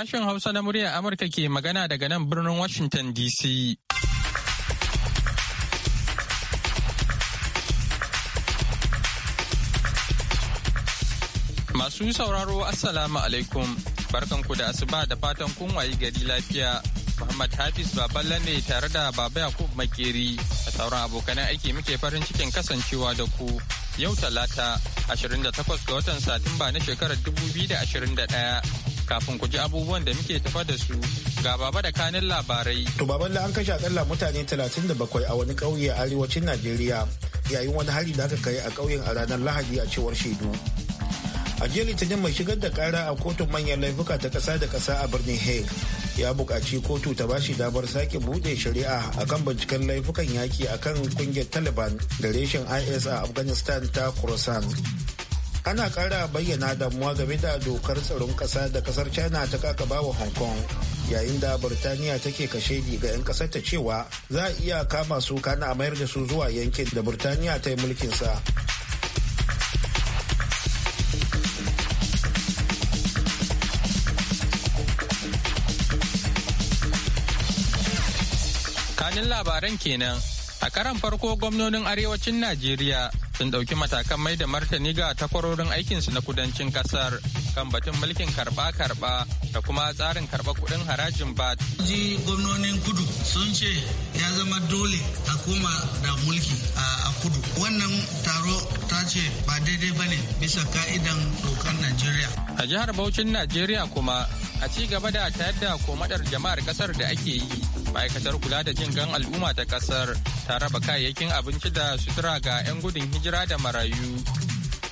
Sashen Hausa na muryar Amurka ke magana daga nan birnin Washington DC. Masu sauraro Assalamu alaikum barkanku da asuba da fatan kun gari lafiya. Muhammad Hafiz Baballe ne tare da Baba Yakub Makeri a sauran abokanan aiki muke farin cikin kasancewa da ku yau talata 28 ga watan Satumba na shekarar 2021. kafin ku ji abubuwan da muke tafa da su ga baba da kanin labarai. To da an kashe akalla mutane 37 a wani ƙauye a arewacin Najeriya yayin wani hari da aka kai a ƙauyen a ranar Lahadi a cewar shaidu. A jiya Litinin mai shigar da kara a kotun manyan laifuka ta ƙasa da ƙasa a birnin Hague ya buƙaci kotu ta bashi damar sake buɗe shari'a akan binciken laifukan yaƙi kan ƙungiyar Taliban da reshen IS a Afghanistan ta Khorasan. ana kara bayyana damuwa game da dokar tsaron kasa da kasar china ta kakabawa bawa hong kong yayin da birtaniya take kashe ga 'yan kasar ta cewa za a iya kama su kana a mayar da su zuwa yankin da birtaniya ta yi sa. kanin labaran kenan A karan farko gwamnonin arewacin Najeriya sun ɗauki matakan mai da martani ga takwarorin aikinsu na kudancin ƙasar, kan batun mulkin karɓa-karɓa da kuma tsarin karɓa kuɗin harajin bat. Ji gwamnonin kudu sun ce ya zama dole a koma da mulki a kudu. Wannan taro ta ce ba daidai ba ne bisa ka'idan dokar Najeriya. A jihar Bauchin Najeriya kuma a ci gaba da tayar da komadar jama'ar ƙasar da ake yi ma'aikatar kula da jin gan al'umma ta ƙasar. ta raba kayayyakin abinci da sutura ga 'yan gudun hijira da marayu.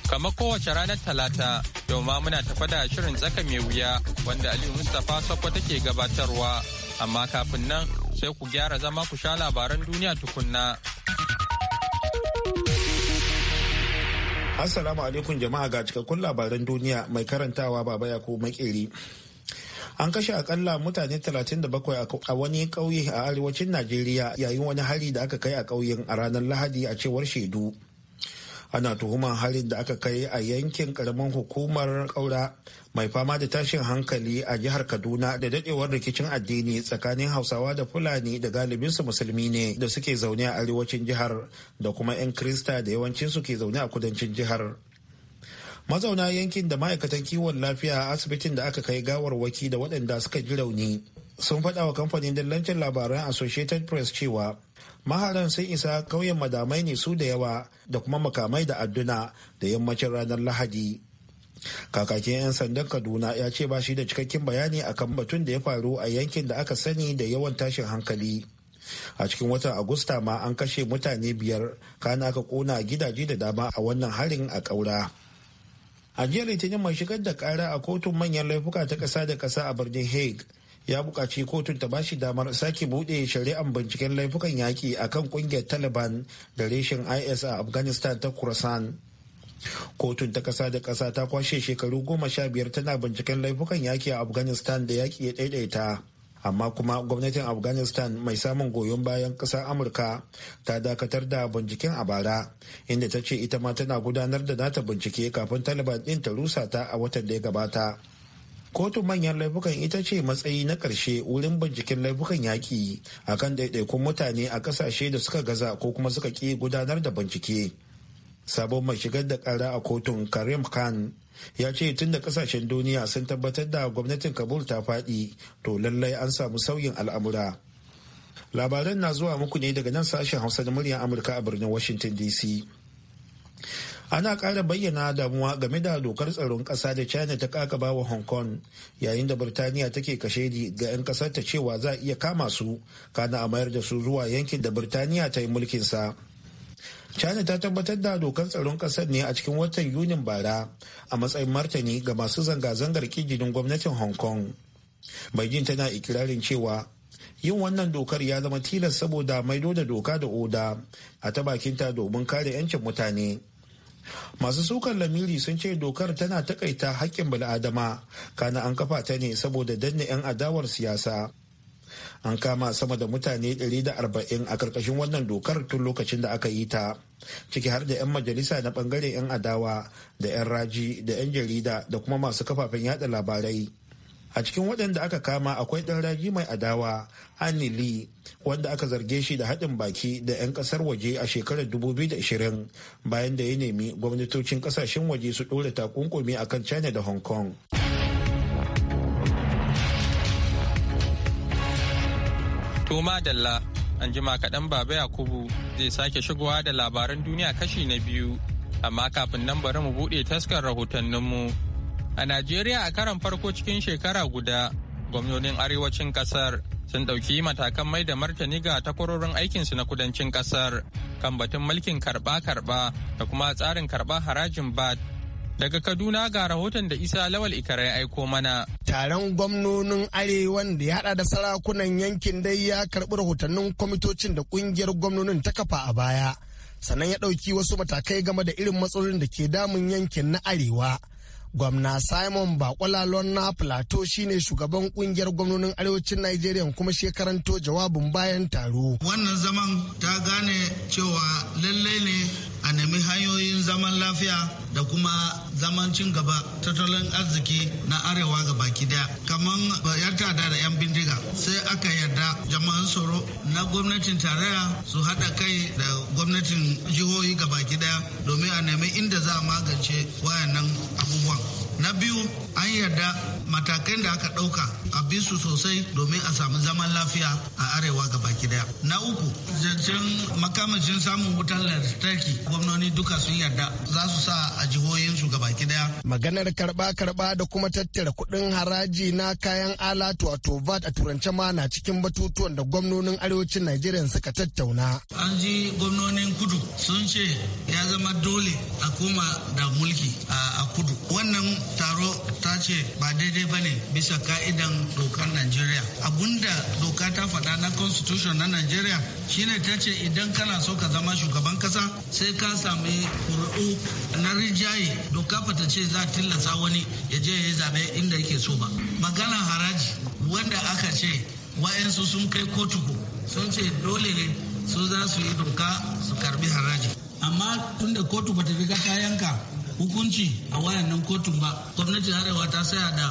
Kamar kowace ranar Talata, yau ma muna tafa da shirin tsaka mai wuya wanda Aliyu Mustapha Sokko take gabatarwa. Amma kafin nan sai ku gyara zama ku sha labaran duniya tukunna. Assalamu alaikum jama'a ga cikakkun labaran duniya mai karantawa baba ya ko makeri. an kashe akalla mutane 37 a wani ƙauye a arewacin najeriya yayin wani hari da aka kai a ƙauyen a ranar lahadi a cewar shaidu ana tuhumar harin da aka kai a yankin karamin hukumar ƙaura mai fama da tashin hankali a jihar kaduna da dadewar rikicin addini tsakanin hausawa da fulani da galibinsu musulmi ne da suke zaune a arewacin jihar da kuma 'yan krista da yawancinsu ke zaune a kudancin jihar mazauna yankin da ma'aikatan kiwon lafiya a asibitin da aka kai gawarwaki da waɗanda suka ji rauni sun faɗa wa kamfanin dillancin labaran associated press cewa maharan sun isa ƙauyen madamai ne su da yawa da kuma makamai da adduna da yammacin ranar lahadi kakakin 'yan sandan kaduna ya ce ba shi da cikakken bayani akan batun da ya faru a yankin da aka sani da yawan tashin hankali a cikin watan agusta ma an kashe mutane biyar kana aka kona gidaje da dama a wannan harin a ƙaura. a jiya litinin mai shigar da kara a kotun manyan laifuka ta kasa da kasa a birnin hague ya buƙaci kotun ta bashi damar sake bude shari'an binciken laifukan yaƙi a kan ƙungiyar taliban da reshen is a afghanistan ta kurasan kotun ta kasa da kasa ta kwashe shekaru goma sha biyar tana binciken laifukan yaƙi a afghanistan da yaƙi ya ɗaiɗaita amma kuma gwamnatin afghanistan mai samun goyon bayan ƙasar amurka ta dakatar da binciken a bara inda ta ce ita ma tana gudanar da nata bincike kafin taliban ɗin ta rusa ta a watan da ya gabata kotun manyan laifukan ita ce matsayi na ƙarshe wurin binciken laifukan yaƙi akan ɗaiɗaikun mutane a ƙasashe da suka gaza ko kuma suka ƙi gudanar da bincike. sabon mai shigar da kara a kotun karim khan ya ce tun da kasashen duniya sun tabbatar da gwamnatin kabul ta faɗi to lallai an samu sauyin al'amura labaran na zuwa muku ne daga nan sashen hausa da muryar amurka a birnin washington dc ana ƙara bayyana damuwa game da dokar tsaron ƙasa da china ta kakaba wa hong kong yayin da birtaniya take di ga 'yan ƙasar ta cewa za a iya kama su kana a mayar da su zuwa yankin da birtaniya ta yi mulkinsa china ta tabbatar da dokar tsaron kasar ne a cikin watan yunin bara a matsayin martani ga masu zanga-zangar kijinin gwamnatin hong kong beijing tana ikirarin cewa yin wannan dokar ya zama tilas saboda maido da doka da oda a ta bakinta domin kare 'yancin mutane masu sukan lamiri sun ce dokar tana takaita hakkin bala'adama kana an kafa ta ne saboda danne 'yan adawar siyasa an kama sama da mutane 140 a karkashin wannan dokar tun lokacin da aka yi ta ciki har da 'yan majalisa na bangare 'yan adawa da 'yan raji da 'yan jarida da kuma masu kafafen yada labarai a cikin waɗanda aka kama akwai ɗan raji mai adawa anili wanda aka zarge shi da haɗin baki da 'yan ƙasar waje a shekarar 2020 bayan da ya nemi gwamnatocin ƙasashen waje su ɗora takunkumi kan china da hong kong Toma Dalla an jima kaɗan baba Yakubu zai sake shigowa da labaran duniya kashi na biyu amma kafin nan bari mu buɗe taskar rahotanninmu. A Najeriya a karan farko cikin shekara guda gwamnonin arewacin ƙasar sun ɗauki matakan mai da martani ga takwarorin aikinsu na kudancin ƙasar kan batun mulkin karɓa-karɓa da kuma tsarin karɓar harajin bat Daga Kaduna ga rahoton da Isa Lawal Ikara ya aiko mana. Taron gwamnonin Arewan da ya hada da sarakunan yankin dai ya karɓi rahotannin kwamitocin da ƙungiyar gwamnonin ta kafa a baya. Sannan ya ɗauki wasu matakai game da irin matsalolin da ke damun yankin na Arewa. Gwamna Simon bakwala na Plateau shine shugaban kungiyar gwamnonin arewacin Najeriya kuma shekaranto jawabin bayan taro. Wannan zaman ta gane cewa lallai ne a nemi hanyoyin zaman lafiya da kuma zaman cin gaba tattalin arziki na arewa ga baki daya kamar bayar da da 'yan bindiga sai aka yarda jama'an tsaro na gwamnatin tarayya su haɗa kai da gwamnatin jihohi ga baki daya domin a nemi inda za a magance wayannan abubuwan na biyu an yarda matakan da aka ɗauka a bisu sosai domin a samu zaman lafiya a arewa baki daya na uku zancen makamashin samun wutar lantarki gwamnoni duka sun yarda za su sa a jihohinsu baki daya maganar karba karba da kuma tattara kuɗin haraji na kayan alatu a tovat a turance ma na cikin batutuwan da gwamnonin arewacin najeriya suka tattauna an ji gwamnonin kudu sun ce ya zama dole a koma da mulki a kudu wannan taro ta ce ba daidai ba ne bisa ka'idan dokar najeriya abunda doka ta faɗa na constitution na najeriya shine ta ce idan kana so ka zama shugaban kasa sai ka sami kuri'u na rijaye doka fata ce za tilasta wani ya je ya yi zaɓe inda yake so ba magana haraji wanda aka ce wa'yansu sun kai kotu sun ce dole ne su za su yi doka su karbi haraji amma tunda kotu bata riga ta yanka hukunci a wayannan kotun ba gwamnatin arewa ta saya da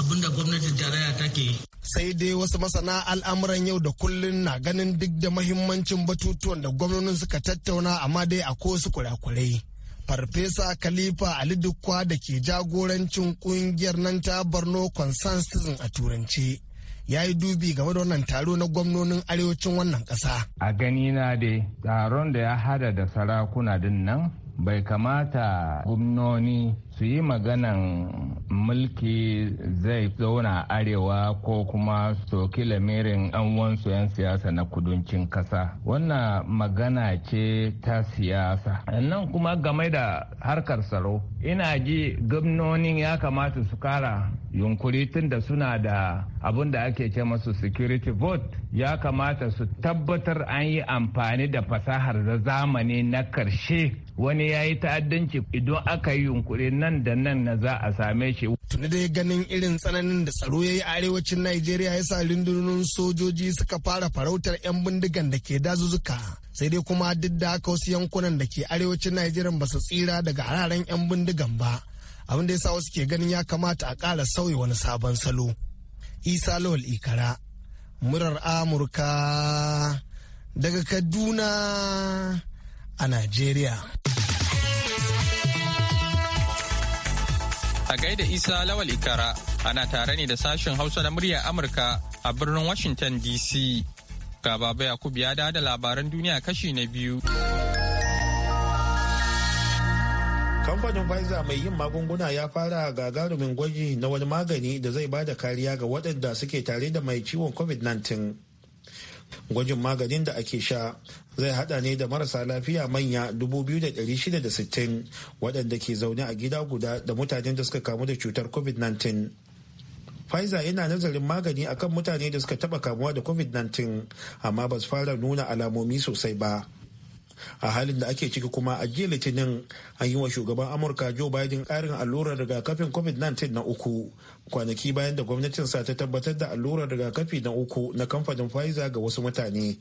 abinda gwamnatin tarayya take yi sai dai wasu masana al'amuran yau da kullun na ganin duk da mahimmancin batutuwan da gwamnonin suka tattauna amma dai a su kurakurai farfesa khalifa ali dukwa da ke jagorancin kungiyar nan ta borno consensus a turance ya yi dubi game da wannan taro na gwamnonin arewacin wannan ƙasa. a gani na dai taron da ya hada da sarakuna din nan bai kamata gwamnoni su yi maganan mulki zai zauna arewa ko kuma soki lamirin an wansu 'yan siyasa na kudancin kasa wannan magana ce ta siyasa nan kuma game da harkar tsaro ina ji gamnonin ya kamata su kara yunkuri tun da suna da abun da ake ce masu security vote ya kamata su tabbatar an yi amfani da fasahar zamani na karshe wani ya yi ta'addanci idan aka yi yunkuri na nan da nan na za a same shi. Tuni dai ganin irin tsananin da tsaro ya yi a arewacin Najeriya ya sa rundunonin sojoji suka fara farautar 'yan bindigan da ke dazuzzuka. Sai dai kuma duk da haka wasu yankunan da ke arewacin Najeriya ba su tsira daga hararen 'yan bindigan ba. Abin da ya sa wasu ke ganin ya kamata a ƙara sauya wani sabon salo. Isa Lawal Ikara, murar Amurka daga Kaduna a Najeriya. A gaida Isa Lawal Ikara ana tare ne da sashen Hausa na muryar Amurka a birnin Washington DC. Ga Baba Yakub ya da da labaran duniya kashi na biyu. Kamfanin Pfizer mai yin magunguna ya fara gagarumin gwaji na wani magani da zai bada kariya ga waɗanda suke tare da mai ciwon COVID-19. gwajin maganin da ake sha zai hada ne da marasa lafiya manya 2,660 waɗanda ke zaune a gida guda da mutanen da suka kamu da cutar covid-19 Pfizer yana nazarin magani akan mutane da suka taɓa kamuwa da covid-19 amma ba su fara nuna alamomi sosai ba. a halin da ake ciki kuma a jiya litinin an yi wa shugaban amurka joe biden karin allurar rigakafin covid-19 na uku kwanaki bayan da gwamnatinsa ta tabbatar da allurar rigakafi na uku na kamfanin pfizer ga wasu mutane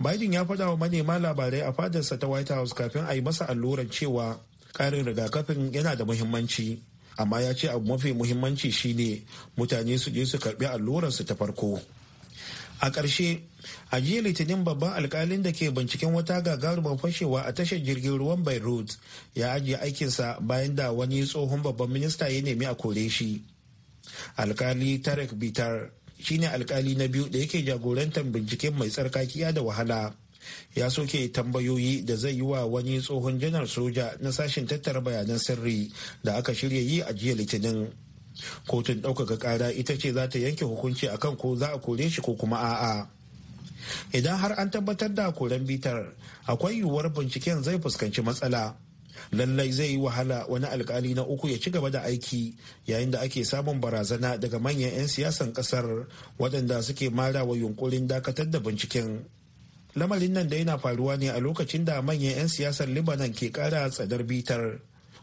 biden ya faɗa wa manema labarai a fadarsa ta white house kafin a yi masa allurar cewa karin rigakafin yana da muhimmanci amma ya ce abu mafi muhimmanci shine mutane su je su karbi allurarsu ta farko a ƙarshe a jiya litinin babban alkalin da ke binciken wata gagarumar fashewa a tashar jirgin ruwan beirut ya ajiye aikinsa bayan da wani tsohon babban minista ya nemi a kore shi alkali tarek bitar shine alkali na biyu da yake jagorantar binciken mai tsarkakiya da wahala ya soke tambayoyi da zai yi wa wani tsohon janar soja na sashen tattara bayanan sirri da aka shirya yi a jiya litinin kotun ɗaukaka ƙara ita ce za ta yanke hukunci akan ko za a kore shi ko kuma a'a idan har an tabbatar da koren bitar akwai yiwuwar binciken zai fuskanci matsala lallai zai yi wahala wani alkali na uku ya ci gaba da aiki yayin da ake samun barazana daga manyan 'yan siyasan kasar waɗanda suke marawa wa yunkurin dakatar da binciken lamarin nan da yana faruwa ne a lokacin da manyan 'yan siyasar libanan ke ƙara tsadar bitar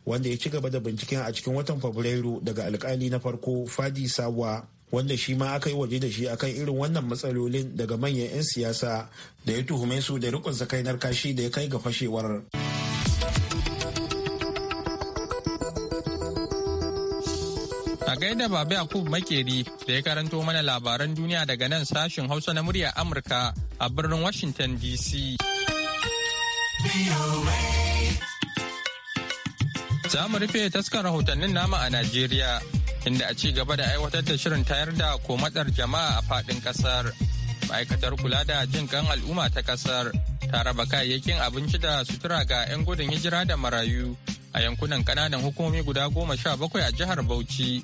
wanda ya ci gaba da binciken a cikin watan fabrairu daga alkali na farko fadi sawa wanda shi ma aka yi waje da shi akan irin wannan matsalolin daga manyan 'yan siyasa da ya tuhume su da rikon sakainar kashi da ya kai ga fashewar. A gaida Babu Yakub Makeri da ya karanto mana labaran duniya daga nan sashin Hausa na murya Amurka a birnin Washington DC. Za mu rufe taskar rahotannin nama a Najeriya inda a ci gaba da aiwatar da shirin tayar da komatsar jama'a a faɗin ƙasar. Ma'aikatar kula da jin kan al'umma ta ƙasar ta raba kayayyakin abinci da sutura ga 'yan gudun hijira da marayu a yankunan ƙananan hukumomi guda goma sha bakwai a jihar Bauchi.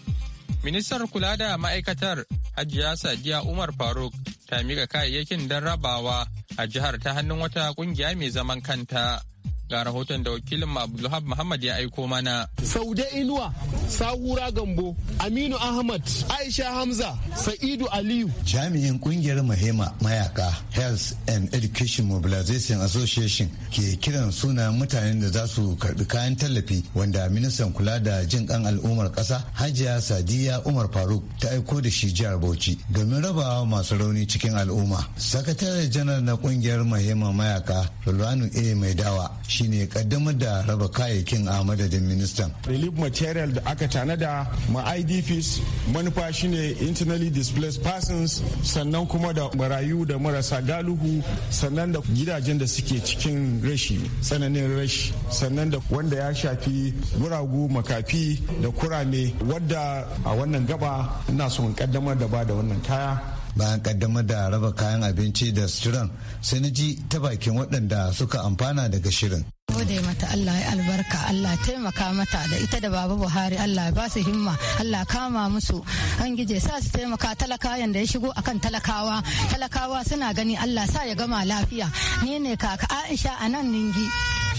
Ministar kula da ma'aikatar Hajiya Sadiya Umar Faruk ta miƙa kayayyakin don rabawa a jihar ta hannun wata ƙungiya mai zaman kanta. Ga rahoton da wakilin Abdulhab Muhammad ya aiko mana. Saude Inuwa, Sahura Gambo, Aminu Ahmad, Aisha Hamza, Sa'idu Aliyu. Jami'in kungiyar Mahema Mayaka Health and Education Mobilization Association ke kiran suna mutanen da za su karbi kayan tallafi wanda ministan kula da jin kan al'ummar kasa Hajiya Sadiya Umar Faruk ta aiko da shi jihar Bauchi domin rabawa masu rauni cikin al'umma. Sakatare janar na kungiyar Mahema Mayaka Rulwanu A. Mai Dawa shine kaddamar da raba kayayyakin a madadin ministan. Relief material da aka tanada ma IDPs manufa shine internally displaced persons sannan kuma da marayu da marasa galuhu sannan da gidajen da suke cikin rashi tsananin rashi sannan da wanda ya shafi guragu makafi da kurame wadda a wannan gaba ina son kaddamar da ba da wannan kaya bayan kaddamar da raba kayan abinci da suturan sai na ji ta bakin waɗanda suka amfana daga shirin gode mata Allah ya albarka Allah taimaka mata da ita da baba Buhari Allah ba su himma Allah kama musu an gije sa su taimaka talakawa da ya shigo akan talakawa talakawa suna gani Allah sa ya gama lafiya ni ne kaka Aisha a nan ningi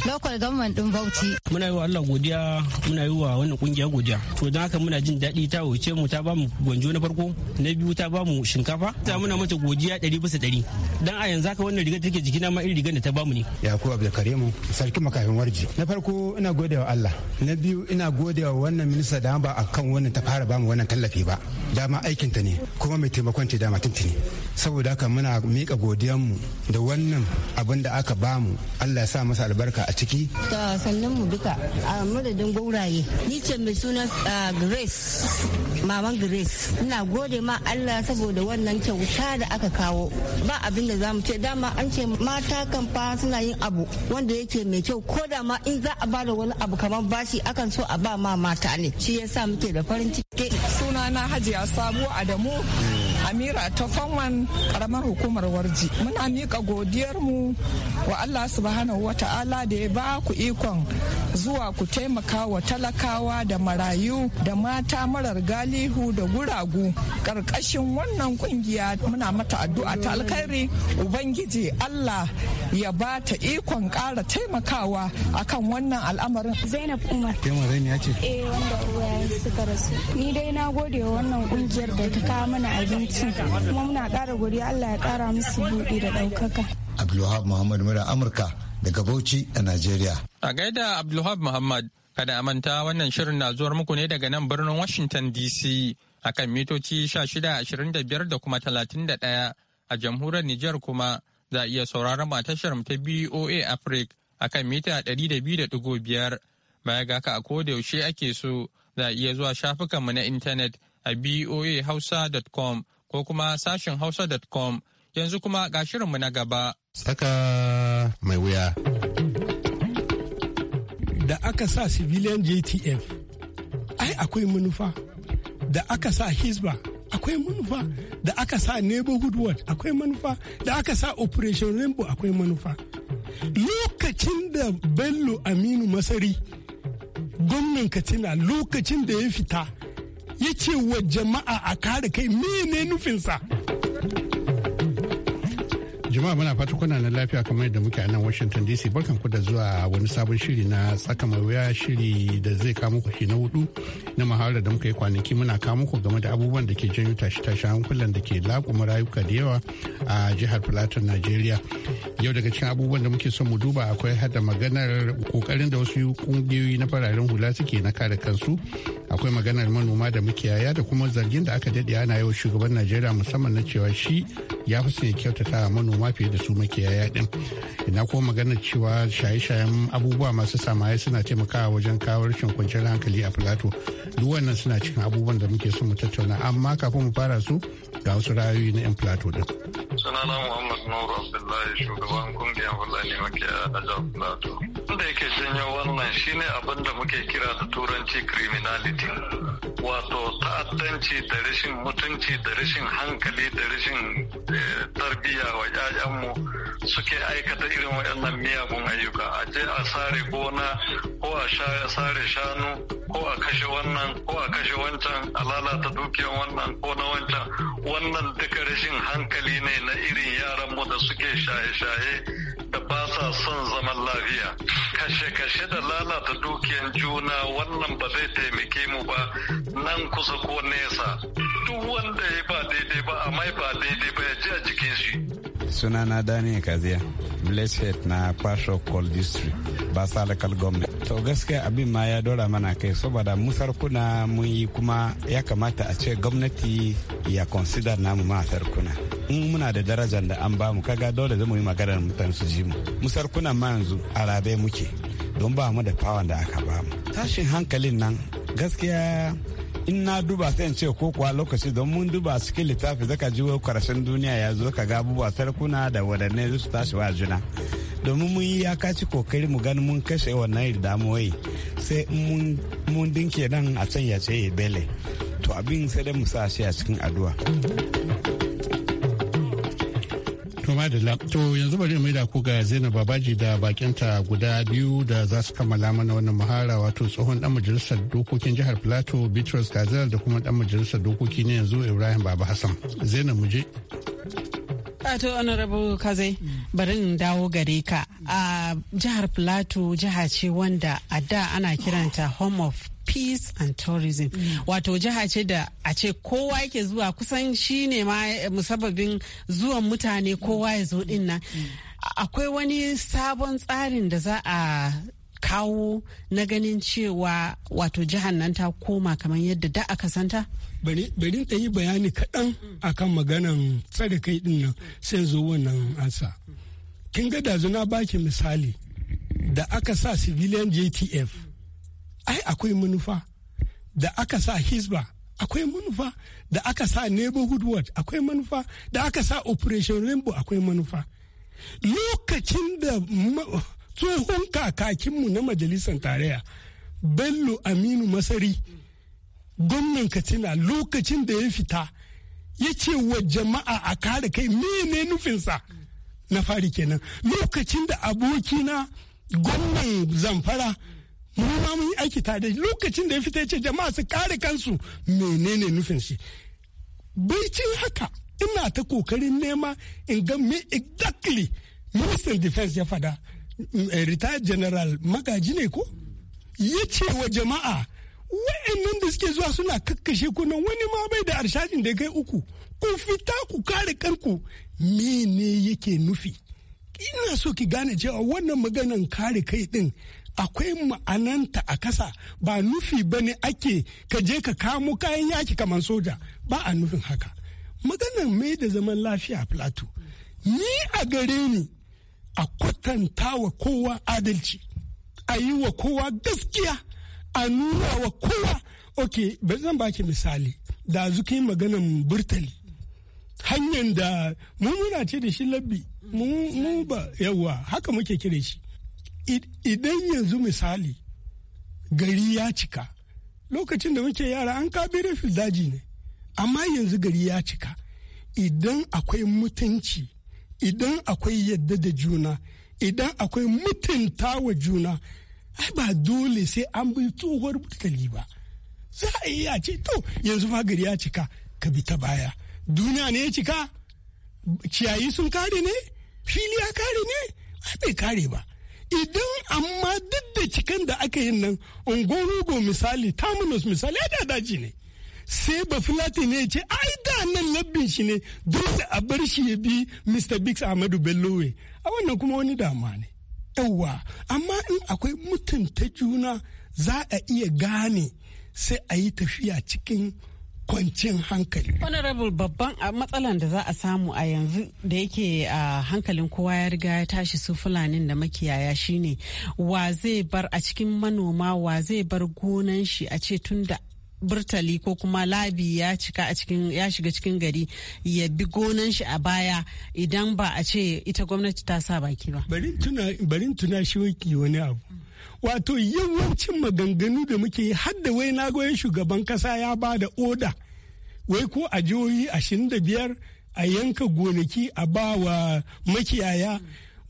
lokal government din Bauchi. Muna yi wa Allah godiya, muna yi wa wannan kungiya godiya. To don haka muna jin daɗi ta wuce mu ta ba mu gwanjo na farko, na biyu ta ba mu shinkafa, ta muna mata godiya ɗari bisa ɗari. Dan a yanzu haka wannan rigar take jikina ma irin rigar da ta ba mu ne. Yakubu Abdulkarimu, sarki makafin warji. Na farko ina gode wa Allah, na biyu ina gode wa wannan minista da ba a kan wannan ta fara ba mu wannan tallafi ba. Dama aikinta ne, kuma mai taimakon ce dama tuntuni. Saboda haka muna miƙa godiyanmu da wannan abin da aka bamu Allah ya sa masa albarka a ciki? Ta sannan mu duka a madadin gauraye. Ni ce mai suna Grace, maman Grace. Ina gode ma Allah saboda wannan kyauta da aka kawo. Ba abin da za ce dama an ce mata kan fa suna yin abu wanda yake mai kyau ko da ma in za a ba da wani abu kamar bashi akan so a ba ma mata ne. Shi ya sa muke da farin ciki. suna Sunana Hajiya Sabuwa Adamu. amira ta fanwan karamar hukumar warji muna miƙa mu wa allah subhanahu wa ta'ala da ya ba ku ikon zuwa ku taimaka wa talakawa da marayu da mata marar galihu da guragu ƙarƙashin wannan ƙungiya muna mata addu'a ta alkhairi ubangiji allah ya ba ta ikon ƙara taimakawa akan wannan al'amarin zainab umar ya ce eh wanda uwaye suka rasu ni dai na gode wa wannan ƙungiyar da ta kawo mana abinci kuma muna ƙara godiya allah ya ƙara musu buɗe da ɗaukaka abdulwahab muhammad mura amurka daga Bauchi a Najeriya. A gaida Abdulhab Muhammad, kada a manta wannan shirin na zuwar muku ne daga nan birnin Washington DC akan mitoci 1625 da kuma 31 a jamhuriyar Nijar kuma za a iya sauraron mu a tashar ta BOA Africa akan mita 200.5 baya ga ka a koda yaushe ake so za a iya zuwa shafukanmu na intanet a boahausa.com ko kuma sashen hausa.com Yanzu kuma ga shirinmu na gaba. Saka mai wuya. Da aka sa civilian JTF, ai akwai manufa. Da aka sa Hizba, akwai manufa. Da aka sa Neighborhood Watch, akwai manufa. Da aka sa Operation Rainbow, akwai manufa. Lokacin da Bello Aminu Masari, gwamnan Katsina lokacin da ya fita, ya ce wa jama'a a kare kai mene nufinsa. Jama'a muna fata kuna nan lafiya kamar yadda muke a nan Washington DC barkan ku da zuwa wani sabon shiri na tsaka mai wuya shiri da zai kama muku shi na hudu na muhawara da muka yi kwanaki muna kama ku game da abubuwan da ke janyo tashi tashi hankulan da ke lakuma rayuka da yawa a jihar Plateau nigeria Yau daga cikin abubuwan da muke son mu duba akwai hada maganar kokarin da wasu ƙungiyoyi na fararen hula suke na kare kansu akwai maganar manoma da makiyaya da kuma zargin da aka daɗe ana yau shugaban najeriya musamman na cewa shi ya fi sai kyautata manoma fiye da su makiyaya din. ina kuma maganar cewa shaye-shayen abubuwa masu samaye suna taimakawa wajen kawo rashin kwanciyar hankali a filato duk wannan suna cikin abubuwan da muke so mu tattauna amma kafin mu fara su ga wasu ra'ayoyi na 'yan filato din sunana muhammad nuru abdullahi shugaban kungiyar fulani makiyaya a jihar filato. abin da yake janyo wannan shine abin da muke kira da turanci criminality wato ta'addanci da rashin mutunci da rashin hankali da rashin eh, tarbiyya wa 'ya'yanmu suke aikata irin waɗannan miyagun ayyuka a je a sare gona ko a sare shanu ko a kashe wannan ko a kashe wancan a lalata dukiyar wannan ko na wancan wannan duka rashin hankali ne na irin yaranmu da suke shaye-shaye da ba sa son zaman lafiya. kashe-kashe da lalata dukiyan juna wannan ba zai taimake mu ba nan kusa ko nesa duk wanda ya ba daidai ba mai ba daidai ba ya ji a jikin shi sunana daniel kaziya blessed na pasho call district ba salakal gomna to gaskiya abin ma ya dora mana kai saboda mu sarkuna mun yi kuma ya kamata a ce gwamnati ya consider namu ma sarkuna in muna da darajar da an bamu kaga dole zamu yi maganar mutane su ji mu mu ma yanzu arabe muke don ba mu da fawan da aka bamu tashin hankalin nan gaskiya in na duba sai in ce ko kuwa lokaci don mun duba cikin littafi zaka ji wa karshen duniya ya zo ka ga abubuwa sarkuna da wadanne su tashi wa juna domin mun yi yakaci kokari mu gani mun kashe wannan damuwai sai mun dinke nan a can ya ce bele to abin sai dai mu sa shi a cikin addu'a To madalla, to yanzu bari mai da ku ga Zainab Babaji da bakinta guda biyu da za su kammala mana wannan muhara wato tsohon dan majalisar dokokin jihar Plateau Bitrus Gazal da kuma dan majalisar dokoki na yanzu Ibrahim Baba Hassan. Zainab muje. Ato Honorable Kaze, bari in dawo gare ka. A jihar Plateau jiha ce wanda a da ana kiranta Home of peace and tourism mm. wato jiha ce da a ce kowa yake zuwa kusan shi ne ma eh, musababin zuwan mutane kowa ya zo din nan mm. akwai wani sabon tsarin da za a kawo na ganin cewa wato jihar nan ta koma kamar yadda da aka santa? bari ta yi bayani kaɗan akan maganan tsare kai din nan sai zo wannan ansa kin ga da baki misali da aka sa civilian jtf ai akwai manufa da aka sa hisba akwai manufa da aka sa neighborhood watch akwai manufa da aka sa operation rainbow akwai manufa lokacin da tsohon kakakinmu na majalisar tarayya bello aminu masari gwamnan katsina lokacin da ya fita ya ce wa jama'a a kare kai mene nufinsa na fari kenan lokacin da abokina gwamnan zamfara mu ma mun yi aiki tare lokacin da ya fita ce jama'a su kare kansu menene nufin shi baicin haka ina ta kokarin nema in ga me exactly minister defense ya fada mm, eh, retired general magaji ne ko ya ce wa jama'a wa'annan da suke zuwa suna kakkashe kunan wani ma bai da arshajin da kai uku ku fita ku kare kanku mene yake nufi ina so ki gane cewa wannan maganan kare kai din akwai ma'ananta a kasa ba nufi ba ne ake ka je ka kamo kayan yaki kamar soja ba a nufin haka maganar mai da zaman lafiya plato ni a gare ni a kwatanta wa kowa adalci a yi wa kowa gaskiya a nuna wa kowa ok zan baki misali da zuki maganan burtali hanyar da muna ce da shi labbi mu ba yawa haka muke kire shi idan yanzu misali gari ya cika lokacin da muke yara an kabirin daji ne amma yanzu gari ya cika idan akwai mutunci idan akwai yadda da juna idan akwai mutunta wa juna ai ba dole sai an bi tsohuwar butali ba za a iya ce to yanzu ma gari ya cika ka bi ta baya duniya ne ya cika ciyayi sun kare ne fili ya kare ne ai bai kare ba idan amma duk da cikin da aka yi nan ungorugo misali terminus misali ya da daji ne sai ba filatin ne ce ai da nan labbin shi ne dole a bar shi ya bi mr biggs ahmadu bellowe a wannan kuma wani dama ne yawwa amma in akwai mutunta juna za a iya gane sai a yi tafiya cikin kwancin hankali. Honorable babban matsalan da za a samu a yanzu da yake a hankalin kowa ya riga ya tashi su fulanin da makiyaya shine wa zai bar a cikin manoma wa zai bar gonan shi a ce tun da burtali ko kuma labi ya cika a cikin ya shiga cikin gari ya bi gonan shi a baya idan ba a ce ita gwamnati ta sa baki ba. Barin tuna shi wani abu. wato yawancin maganganu da muke yi har da wai na goyon shugaban kasa ya ba da oda wai ko a jihohi ashirin da biyar a yanka gonaki a ba wa makiyaya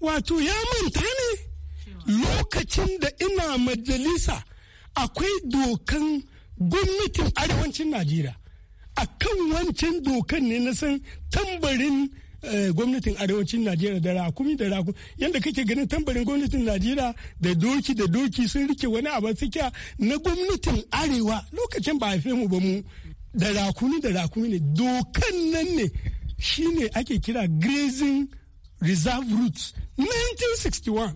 wato ya manta ne lokacin da ina majalisa akwai dokan gwamnatin arewacin najeriya a kan wancan dokan ne na san tambarin Eh, gwamnatin arewacin najeriya da rakumi da rakumi yadda kake ganin tambarin gwamnatin najeriya da doki da doki sun rike wani abu tsakiya na gwamnatin arewa lokacin ba haife mu ba mu da rakumi da rakumi ne dokan nan ne shine ake kira grazing reserve route 1961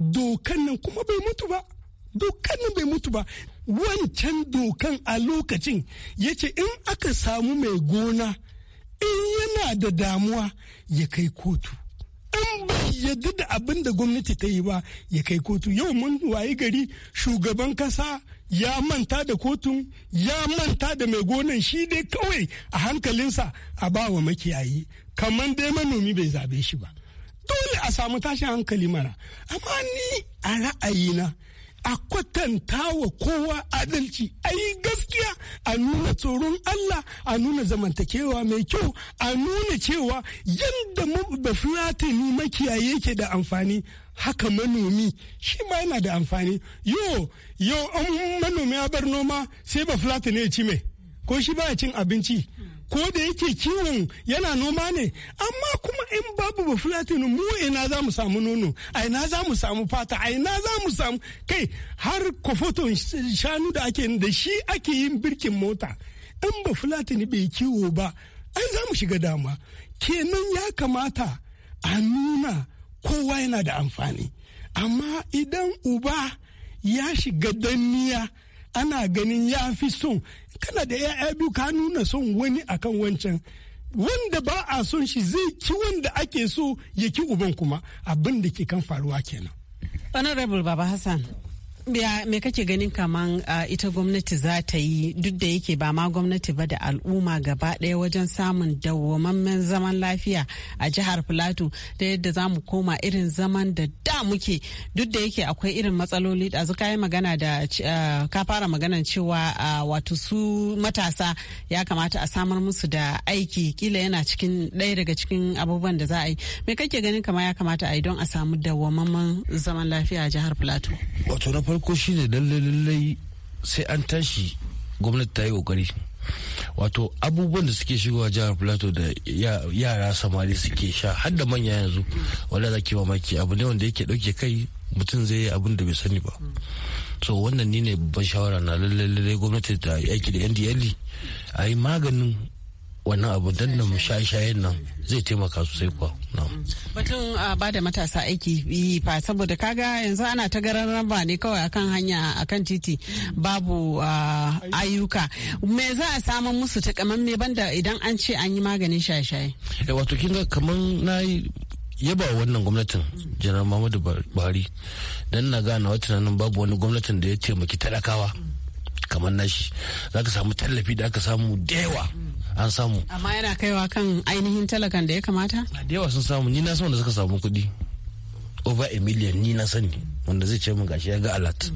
dokan nan kuma bai mutu ba dokan nan bai mutu ba wancan dokan a lokacin yace in aka samu mai gona in yana da damuwa ya kai kotu in yadda da abin da gwamnati ta yi ba ya kai kotu yau mun wayi gari shugaban kasa ya manta da kotun ya manta da mai gonan shi dai kawai a hankalinsa a ba wa makiyayi kamar dai manomi bai zabe shi ba dole a samu tashin hankali mara amma ni a ra'ayina a kwatanta wa kowa adalci a yi gaskiya a nuna tsoron Allah a nuna zamantakewa mai kyau a nuna cewa yadda da fulatani makiyaye ke da amfani haka manomi shi ma yana da amfani yo yau an manomi ya bar noma sai ba fulatani ya ci mai ko shi baya cin abinci ko da yake kiwon yana noma ne amma kuma in babu fulatin mu ina za mu samu nono a ina za mu samu fata a ina za mu samu kai har kofoton shanu da ake da shi ake yin birkin mota in bafulatini bai kiwo ba ai za mu shiga dama kenan ya kamata a nuna kowa yana da amfani amma idan uba ya shiga danniya ana ganin ya fi son kana da ya'ya biyu ka nuna son wani akan wancan wanda ba a son shi zai ki wanda ake so ya ki uban kuma abin da ke kan faruwa kenan honorable baba hassan me kake ganin kaman ita gwamnati za ta yi duk da yake ba ma gwamnati ba da al'umma gaba ɗaya wajen samun dawwamammen zaman lafiya a jihar filato da yadda za mu koma irin zaman da da muke duk da yake akwai irin matsaloli da zuka yi magana da ka fara magana cewa wato su matasa ya kamata a samar musu da aiki kila yana cikin ɗaya daga cikin abubuwan da za a yi me kake ganin kama ya kamata a yi don a samu dawwamammen zaman lafiya a jihar filato farko shine lalle lalle sai an tashi gwamnati ta yi kokari wato abubuwan da suke shigowa jihar plateau da yara samari suke sha har da manya yanzu wanda zaki mamaki abu ne wanda yake dauke kai mutum zai yi abin da bai sani ba so wannan ni ne babban shawara na lallai gwamnati ta aiki da ndl e, a yi maganin wannan abu danna shaye-shayen nan zai taimaka sosai kuwa. Batun a ah, ba da matasa aiki yi fa saboda kaga yanzu ana ta gararraba ne kawai akan hanya akan titi babu ah, ayyuka. Me za a samu musu ta kaman me banda idan an ce an yi maganin shaye-shaye? Eh, wato kin ga kaman na yaba wannan gwamnatin janar Muhammadu Buhari dan na gane wata nan babu wani gwamnatin da ya taimaki talakawa kamar nashi za ka samu tallafi da aka samu da yawa. an samu amma yana kaiwa kan ainihin talakan da ya kamata da yawa sun samu ni na samu da suka samu kuɗi over a million ni na sani wanda zai ce mu gashi ya ga alert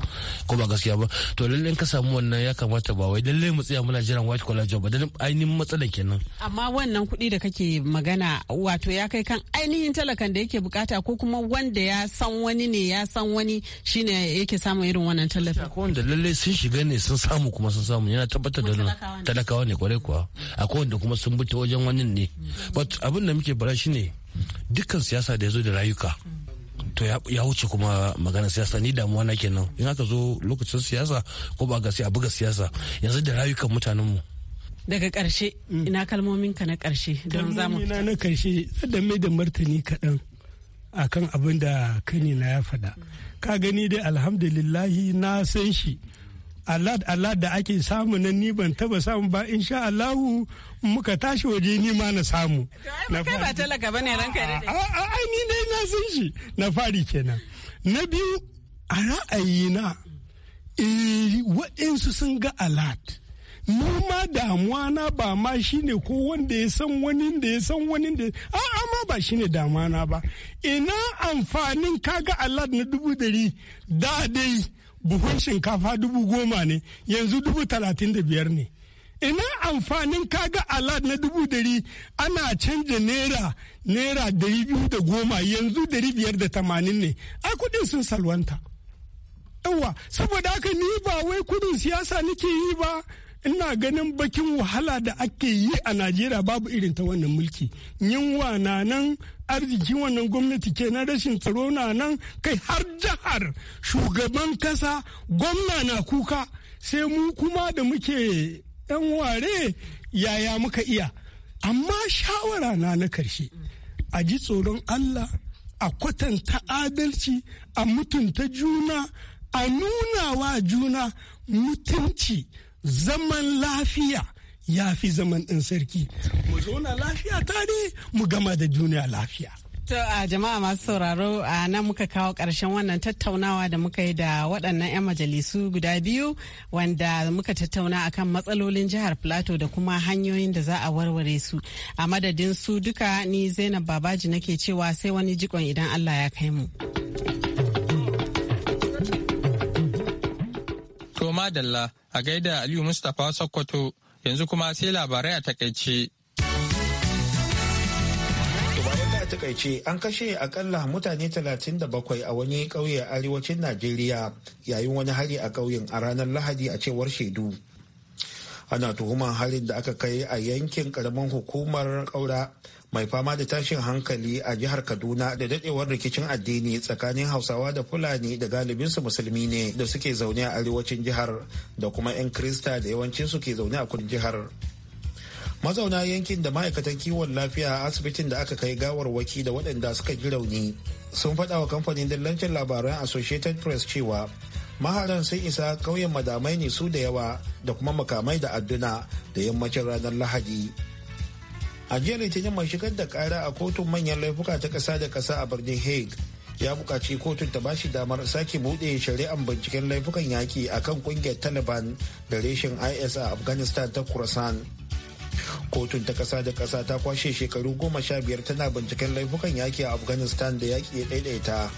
ko ba gaskiya ba to lallai ka samu wannan ya kamata ba wai lallai mu tsaya muna jiran white collar job ba dan ainihin matsalar kenan amma wannan kuɗi da kake magana wato ya kai kan ainihin talakan da yake bukata ko kuma wanda ya san wani ne ya san wani shine yake samun irin wannan tallafi ko wanda lallai sun shiga ne sun samu kuma sun samu yana tabbatar da talakawa ne kwarai kuwa akwai wanda kuma sun bi ta wajen wani ne but abin da muke bara shine dukkan siyasa da ya zo da rayuka to ya wuce kuma magana siyasa ni damuwa na kenan in aka zo lokacin siyasa ko ba ga sai a buga siyasa yanzu da rayukan mutanen mm. mu. daga karshe ina kalmomin ka na karshe don zamu na na karshe da mai da martani kaɗan akan abin da kani na ya faɗa ka gani dai alhamdulillahi na san shi Allah Allah da ake samu nan ni ban taba samu ba insha Allahu muka tashi waje ni ma na samu. Na kai ba talaka bane ranka dai. a ni dai na san shi na fari kenan. Na biyu a ra'ayina eh waɗansu sun ga alat. mu ma damuwa na ba ma shine ko wanda ya san wani da ya san wani da a'a ma ba shine damuwa na ba ina amfanin kaga alad na dubu dari da dai buhun shinkafa dubu goma ne yanzu dubu talatin da biyar ne ina amfanin kaga alad na dubu dari ana canja naira naira dari biyu da goma yanzu dari biyar da tamanin ne ai kudin sun salwanta yawa saboda haka ni ba wai kudin siyasa nake yi ba ina ganin bakin wahala da ake yi a najeriya babu irin ta wannan mulki yunwa na nan arziki wannan gwamnati ke na rashin tsaro na nan kai har jihar shugaban kasa gwamna na kuka sai mu kuma da muke yan ware yaya muka iya amma shawara na na karshe a ji tsoron allah a kwatanta adalci a mutunta juna a nuna wa juna mutunci zaman lafiya ya fi zaman ɗin sarki mu zauna lafiya tare mu gama da duniya lafiya a jama'a masu sauraro a nan muka kawo ƙarshen wannan tattaunawa da muka yi da waɗannan 'yan majalisu guda biyu wanda muka tattauna akan matsalolin jihar Plateau da kuma hanyoyin da za a warware su. A madadin su duka ni Zainab Babaji nake cewa sai wani jikon idan Allah ya kai mu. To A gaida Aliyu Mustapha Sokoto yanzu kuma sai labarai a takaice. takaice an kashe akalla mutane 37 a wani ƙauye a arewacin najeriya yayin wani hari a ƙauyen a ranar lahadi a cewar shaidu ana tuhuman halin da aka kai a yankin karamin hukumar kaura mai fama da tashin hankali a jihar kaduna da dadewar rikicin addini tsakanin hausawa da fulani da galibinsu musulmi ne da suke zaune a arewacin jihar da kuma 'yan krista da yawancinsu ke zaune a kudin jihar mazauna yankin da ma'aikatan kiwon lafiya a asibitin da aka kai gawarwaki da waɗanda suka ji rauni sun faɗa wa kamfanin dillancin labaran associated press cewa maharan sun isa ƙauyen madamai ne su da yawa da kuma makamai da adduna da yammacin ranar lahadi a jiya litinin mai shigar da kara a kotun manyan laifuka ta ƙasa da ƙasa a birnin hague ya buƙaci kotun ta bashi damar sake buɗe shari'an binciken laifukan yaƙi akan ƙungiyar taliban da reshen is a afghanistan ta kurasan kotun ta ƙasa da ƙasa ta kwashe shekaru goma sha biyar tana binciken laifukan yaƙi a afghanistan da yaƙi ya ɗaiɗaita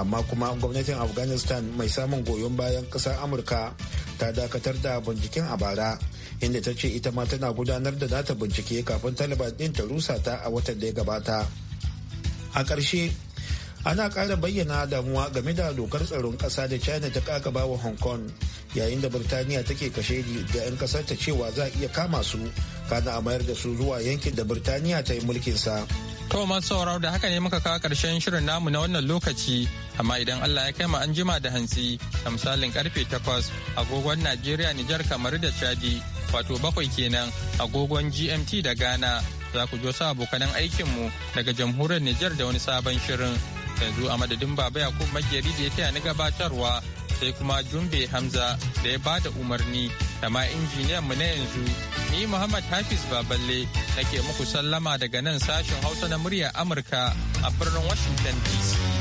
amma kuma gwamnatin afghanistan mai samun goyon bayan kasar amurka ta dakatar da binciken a bara inda ta ce ita ma tana gudanar da nata bincike kafin taliban ɗin ta rusa ta a watan da ya gabata a ƙarshe ana ƙara bayyana damuwa game da dokar tsaron ƙasa da china ta kakaba wa hong kong yayin da birtaniya take kashe da 'yan ƙasar ta cewa za a iya kama su kana a mayar da su zuwa yankin da birtaniya ta yi mulkinsa. sa To masu sauraro da haka ne muka kawo ƙarshen shirin namu na wannan lokaci, amma idan Allah ya kai mu an jima da hantsi, a misalin karfe takwas agogon Najeriya Nijar kamar da Chadi, wato bakwai kenan agogon GMT da Ghana za ku jo sa abokanan aikinmu daga jamhuriyar Nijar da wani sabon shirin. Yanzu a madadin Baba Yakub Magyari da ya taya ni gabatarwa sai kuma Jumbe Hamza da ya bada umarni da ma injiniyan mu na yanzu Ni Muhammad Hafiz Baballe nake muku sallama daga nan sashen Hausa na murya Amurka a birnin Washington DC.